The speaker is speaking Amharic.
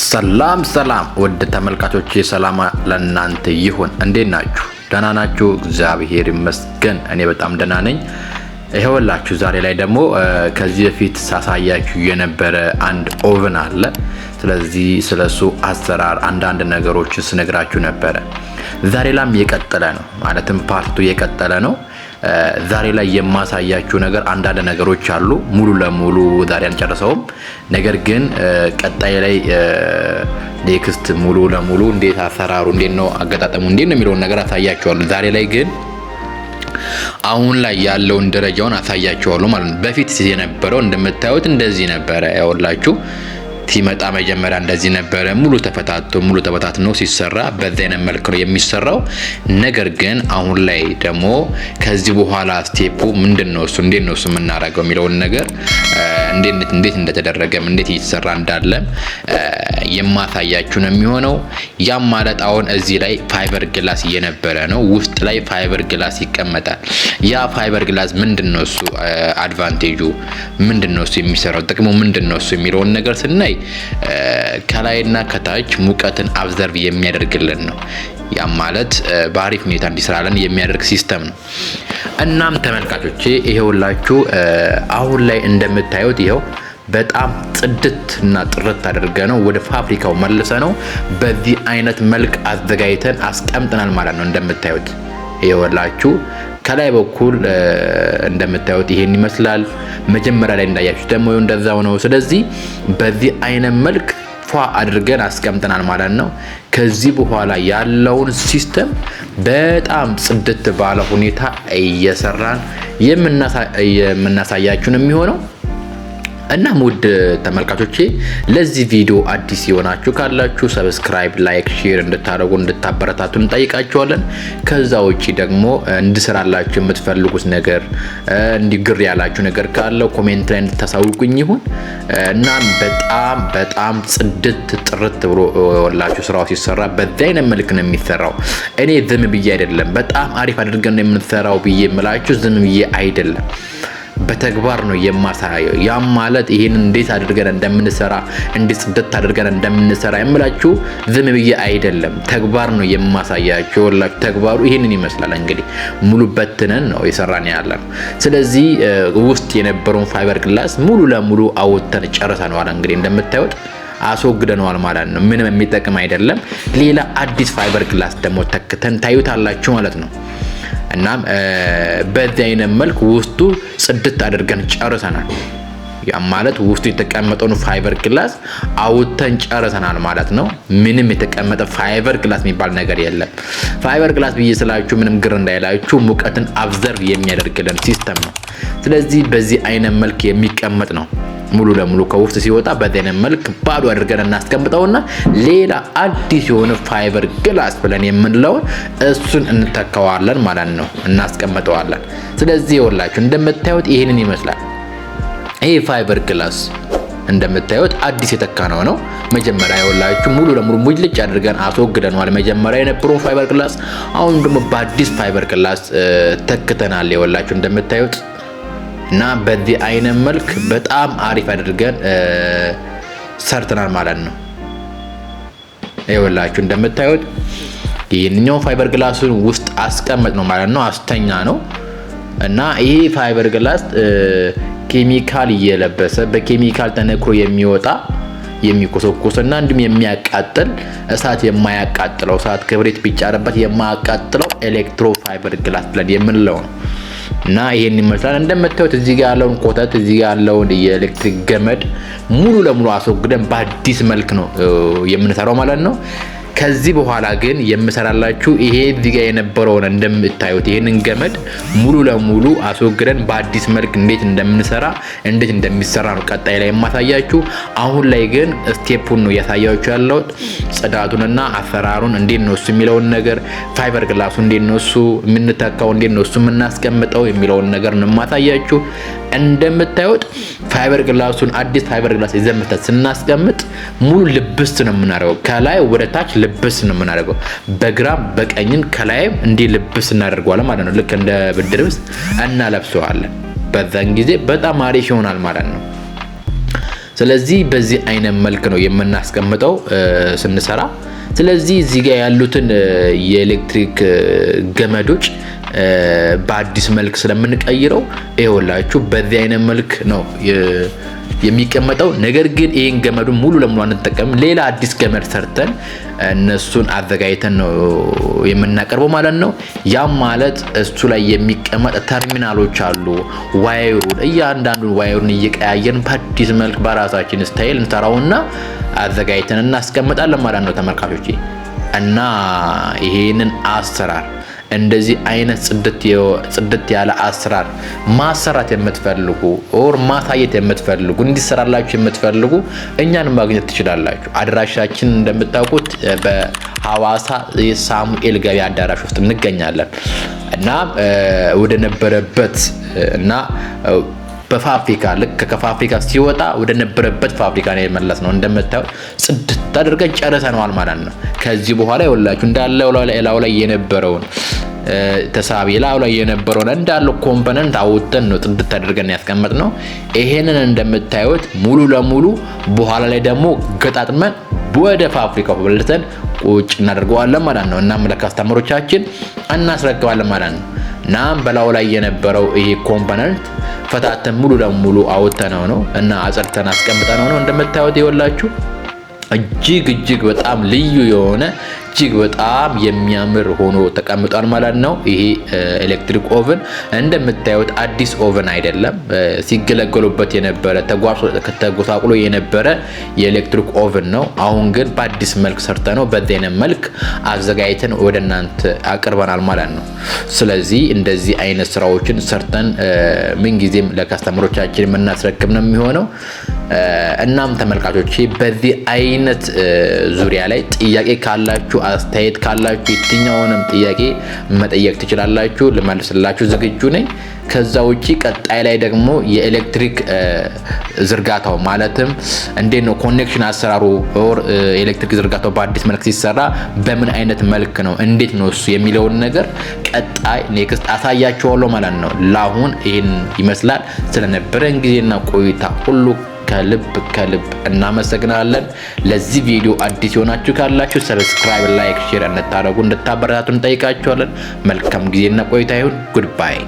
ሰላም ሰላም ውድ ተመልካቾች ሰላም ለእናንተ ይሁን። እንዴት ናችሁ? ደህና ናችሁ? እግዚአብሔር ይመስገን እኔ በጣም ደህና ነኝ። ይኸውላችሁ ዛሬ ላይ ደግሞ ከዚህ በፊት ሳሳያችሁ የነበረ አንድ ኦቭን አለ። ስለዚህ ስለሱ አሰራር አንዳንድ ነገሮችን ስነግራችሁ ነበረ። ዛሬ ላም የቀጠለ ነው ማለትም ፓርቱ የቀጠለ ነው። ዛሬ ላይ የማሳያችሁ ነገር አንዳንድ ነገሮች አሉ። ሙሉ ለሙሉ ዛሬ አንጨርሰውም ነገር ግን ቀጣይ ላይ ኔክስት ሙሉ ለሙሉ እንዴት አሰራሩ፣ እንዴት ነው አገጣጠሙ፣ እንዴት ነው የሚለውን ነገር አሳያችኋለሁ። ዛሬ ላይ ግን አሁን ላይ ያለውን ደረጃውን አሳያችኋለሁ ማለት ነው። በፊት የነበረው እንደምታዩት እንደዚህ ነበረ ያወላችሁ ሲመጣ መጀመሪያ እንደዚህ ነበረ። ሙሉ ተፈታቶ ሙሉ ተበታትኖ ሲሰራ በዛ አይነት መልክ ነው የሚሰራው። ነገር ግን አሁን ላይ ደግሞ ከዚህ በኋላ ስቴፑ ምንድን ነው እሱ እንዴት ነው እሱ የምናደርገው የሚለውን ነገር እንዴት እንደተደረገም እንዴት እየተሰራ እንዳለም የማሳያችሁ ነው የሚሆነው። ያም ማለት አሁን እዚህ ላይ ፋይበር ግላስ እየነበረ ነው። ውስጥ ላይ ፋይበር ግላስ ይቀመጣል። ያ ፋይበር ግላስ ምንድን ነው እሱ አድቫንቴጁ ምንድን ነው እሱ የሚሰራው ጥቅሙ ምንድን ነው እሱ የሚለውን ነገር ስናይ ከላይና ከታች ሙቀትን አብዘርቭ የሚያደርግልን ነው። ያም ማለት በአሪፍ ሁኔታ እንዲሰራለን የሚያደርግ ሲስተም ነው። እናም ተመልካቾቼ ይሄውላችሁ አሁን ላይ እንደምታዩት ይኸው በጣም ጽድት እና ጥርት አድርገ ነው ወደ ፋብሪካው መልሰ ነው በዚህ አይነት መልክ አዘጋጅተን አስቀምጠናል ማለት ነው። እንደምታዩት ይኸውላችሁ ከላይ በኩል እንደምታዩት ይሄን ይመስላል። መጀመሪያ ላይ እንዳያችሁ ደግሞ እንደዛው ነው። ስለዚህ በዚህ አይነት መልክ ፏ አድርገን አስቀምጠናል ማለት ነው። ከዚህ በኋላ ያለውን ሲስተም በጣም ጽድት ባለ ሁኔታ እየሰራን የምናሳያችሁን የሚሆነው እናም ውድ ተመልካቾቼ ለዚህ ቪዲዮ አዲስ የሆናችሁ ካላችሁ ሰብስክራይብ፣ ላይክ፣ ሼር እንድታደርጉ እንድታበረታቱ እንጠይቃችኋለን። ከዛ ውጪ ደግሞ እንድሰራላችሁ የምትፈልጉት ነገር እንዲግር ያላችሁ ነገር ካለው ኮሜንት ላይ እንድታሳውቁኝ ይሁን። እናም በጣም በጣም ጽድት ጥርት ብሎ ወላችሁ ስራው ሲሰራ በዚህ አይነት መልክ ነው የሚሰራው። እኔ ዝም ብዬ አይደለም በጣም አሪፍ አድርገን ነው የምንሰራው ብዬ የምላችሁ ዝም ብዬ አይደለም። በተግባር ነው የማሳየው። ያም ማለት ይህን እንዴት አድርገን እንደምንሰራ እንዴት ጽድት አድርገን እንደምንሰራ የምላችሁ ዝም ብዬ አይደለም፣ ተግባር ነው የማሳያችሁ። ላችሁ ተግባሩ ይህንን ይመስላል። እንግዲህ ሙሉ በትነን ነው የሰራን ያለ ነው። ስለዚህ ውስጥ የነበረውን ፋይበር ግላስ ሙሉ ለሙሉ አውጥተን ጨርሰነዋል። እንግዲህ እንደምታዩት አስወግደነዋል ማለት ነው። ምንም የሚጠቅም አይደለም። ሌላ አዲስ ፋይበር ግላስ ደግሞ ተክተን ታዩታላችሁ ማለት ነው። እናም በዚህ አይነት መልክ ውስጡ ጽድት አድርገን ጨርሰናል። ያም ማለት ውስጡ የተቀመጠውን ፋይበር ግላስ አውጥተን ጨርሰናል ማለት ነው። ምንም የተቀመጠ ፋይበር ግላስ የሚባል ነገር የለም። ፋይበር ግላስ ብዬ ስላችሁ ምንም ግር እንዳይላችሁ ሙቀትን አብዘርቭ የሚያደርግልን ሲስተም ነው። ስለዚህ በዚህ አይነት መልክ የሚቀመጥ ነው። ሙሉ ለሙሉ ከውስጥ ሲወጣ በዚህ መልክ ባዶ አድርገን እናስቀምጠውና ሌላ አዲስ የሆነ ፋይበር ግላስ ብለን የምንለውን እሱን እንተካዋለን ማለት ነው፣ እናስቀምጠዋለን። ስለዚህ ይኸውላችሁ እንደምታዩት ይህንን ይመስላል። ይህ ፋይበር ግላስ እንደምታዩት አዲስ የተካነው ነው። መጀመሪያ ይኸውላችሁ ሙሉ ለሙሉ ሙልጭ አድርገን አስወግደነዋል፣ መጀመሪያ የነበረውን ፋይበር ግላስ። አሁን ደግሞ በአዲስ ፋይበር ግላስ ተክተናል። ይኸውላችሁ እንደምታዩት እና በዚህ አይነት መልክ በጣም አሪፍ አድርገን ሰርተናል ማለት ነው። ይኸውላችሁ እንደምታዩት ይህንኛው ፋይበር ግላሱን ውስጥ አስቀመጥ ነው ማለት ነው። አስተኛ ነው እና ይህ ፋይበር ግላስ ኬሚካል እየለበሰ በኬሚካል ተነክሮ የሚወጣ የሚኮሰኮስ እና እንዲሁም የሚያቃጥል እሳት የማያቃጥለው እሳት ክብሪት ቢጫረበት የማያቃጥለው ኤሌክትሮ ፋይበር ግላስ ብለን የምንለው ነው። እና ይሄን ይመስላል። እንደምታዩት እዚህ ጋር ያለውን ኮተት እዚህ ጋር ያለውን የኤሌክትሪክ ገመድ ሙሉ ለሙሉ አስወግደን በአዲስ መልክ ነው የምንሰራው ማለት ነው። ከዚህ በኋላ ግን የምሰራላችሁ ይሄ ዲጋ የነበረውን እንደምታዩት ይህንን ገመድ ሙሉ ለሙሉ አስወግደን በአዲስ መልክ እንዴት እንደምንሰራ እንዴት እንደሚሰራ ነው ቀጣይ ላይ የማሳያችሁ። አሁን ላይ ግን ስቴፑን ነው እያሳያችሁ ያለሁት። ጽዳቱንና አሰራሩን እንዴት ነው እሱ የሚለውን ነገር ፋይበር ግላሱ እንዴት ነው እሱ የምንተካው እንዴት ነው እሱ የምናስቀምጠው የሚለውን ነገር ነው የማሳያችሁ። እንደምታዩት ፋይበር ግላሱን አዲስ ፋይበር ግላስ ይዘን ስናስቀምጥ ሙሉ ልብስ ነው የምናደርገው ከላይ ወደ ታች ልብስ ነው የምናደርገው። በግራ በቀኝም ከላይም እንዲህ ልብስ እናደርገዋለን ማለት ነው። ልክ እንደ ብርድ ልብስ እናለብሰዋለን። በዛን ጊዜ በጣም አሪፍ ይሆናል ማለት ነው። ስለዚህ በዚህ አይነት መልክ ነው የምናስቀምጠው ስንሰራ። ስለዚህ እዚህ ጋር ያሉትን የኤሌክትሪክ ገመዶች በአዲስ መልክ ስለምንቀይረው ይኸውላችሁ በዚህ አይነት መልክ ነው የሚቀመጠው። ነገር ግን ይህን ገመዱን ሙሉ ለሙሉ አንጠቀምም። ሌላ አዲስ ገመድ ሰርተን እነሱን አዘጋጅተን ነው የምናቀርበው ማለት ነው። ያም ማለት እሱ ላይ የሚቀመጥ ተርሚናሎች አሉ። ዋይሩን እያንዳንዱን ዋይሩን እየቀያየን በአዲስ መልክ በራሳችን ስታይል እንሰራውና አዘጋጅተን እናስቀምጣለን ማለት ነው ተመልካቾች እና ይሄንን አሰራር እንደዚህ አይነት ጽድት ያለ አሰራር ማሰራት የምትፈልጉ ኦር ማሳየት የምትፈልጉ እንዲሰራላችሁ የምትፈልጉ እኛን ማግኘት ትችላላችሁ። አድራሻችን እንደምታውቁት በሐዋሳ የሳሙኤል ገበያ አዳራሽ ውስጥ እንገኛለን እና ወደ ነበረበት እና በፋብሪካ ልክ ከፋብሪካ ሲወጣ ወደ ነበረበት ፋብሪካ ነው የመለስ ነው። እንደምታዩት ጽድት አድርገን ጨርሰነዋል ማለት ነው። ከዚህ በኋላ ይወላችሁ እንዳለ ላው ላይ የነበረውን ተሳቢ ላዩ ላይ የነበረውን እንዳለው ኮምፖነንት አውጥተን ነው ጽድት አድርገን ያስቀምጥ ነው። ይሄንን እንደምታዩት ሙሉ ለሙሉ በኋላ ላይ ደግሞ ገጣጥመን ወደ ፋብሪካ በልተን ቁጭ እናደርገዋለን ማለት ነው። እናም ለካስተመሮቻችን እናስረክባለን ማለት ነው። እናም በላዩ ላይ የነበረው ይሄ ኮምፖነንት ፈታተን ሙሉ ለሙሉ አውጥተነው ነው እና አጽድተን አስቀምጠነው ነው እንደምታዩት ይወላችሁ እጅግ እጅግ በጣም ልዩ የሆነ እጅግ በጣም የሚያምር ሆኖ ተቀምጧል ማለት ነው። ይሄ ኤሌክትሪክ ኦቨን እንደምታዩት አዲስ ኦቨን አይደለም። ሲገለገሉበት የነበረ ተጎሳቁሎ የነበረ የኤሌክትሪክ ኦቨን ነው። አሁን ግን በአዲስ መልክ ሰርተ ነው በዜነ መልክ አዘጋጅተን ወደ እናንተ አቅርበናል ማለት ነው። ስለዚህ እንደዚህ አይነት ስራዎችን ሰርተን ምንጊዜም ለካስተመሮቻችን የምናስረክብ ነው የሚሆነው። እናም ተመልካቾች በዚህ አይነት ዙሪያ ላይ ጥያቄ ካላችሁ አስተያየት ካላችሁ የትኛውንም ጥያቄ መጠየቅ ትችላላችሁ። ልመልስላችሁ ዝግጁ ነኝ። ከዛ ውጪ ቀጣይ ላይ ደግሞ የኤሌክትሪክ ዝርጋታው ማለትም እንዴት ነው ኮኔክሽን አሰራሩ ኦር ኤሌክትሪክ ዝርጋታው በአዲስ መልክ ሲሰራ በምን አይነት መልክ ነው እንዴት ነው እሱ የሚለውን ነገር ቀጣይ ኔክስት አሳያችኋለሁ ማለት ነው። ለአሁን ይህን ይመስላል። ስለነበረን ጊዜና ቆይታ ሁሉ ከልብ ከልብ እናመሰግናለን። ለዚህ ቪዲዮ አዲስ የሆናችሁ ካላችሁ ሰብስክራይብ፣ ላይክ፣ ሼር እንድታደርጉ እንድታበረታቱ እንጠይቃችኋለን። መልካም ጊዜና ቆይታ ይሁን። ጉድባይ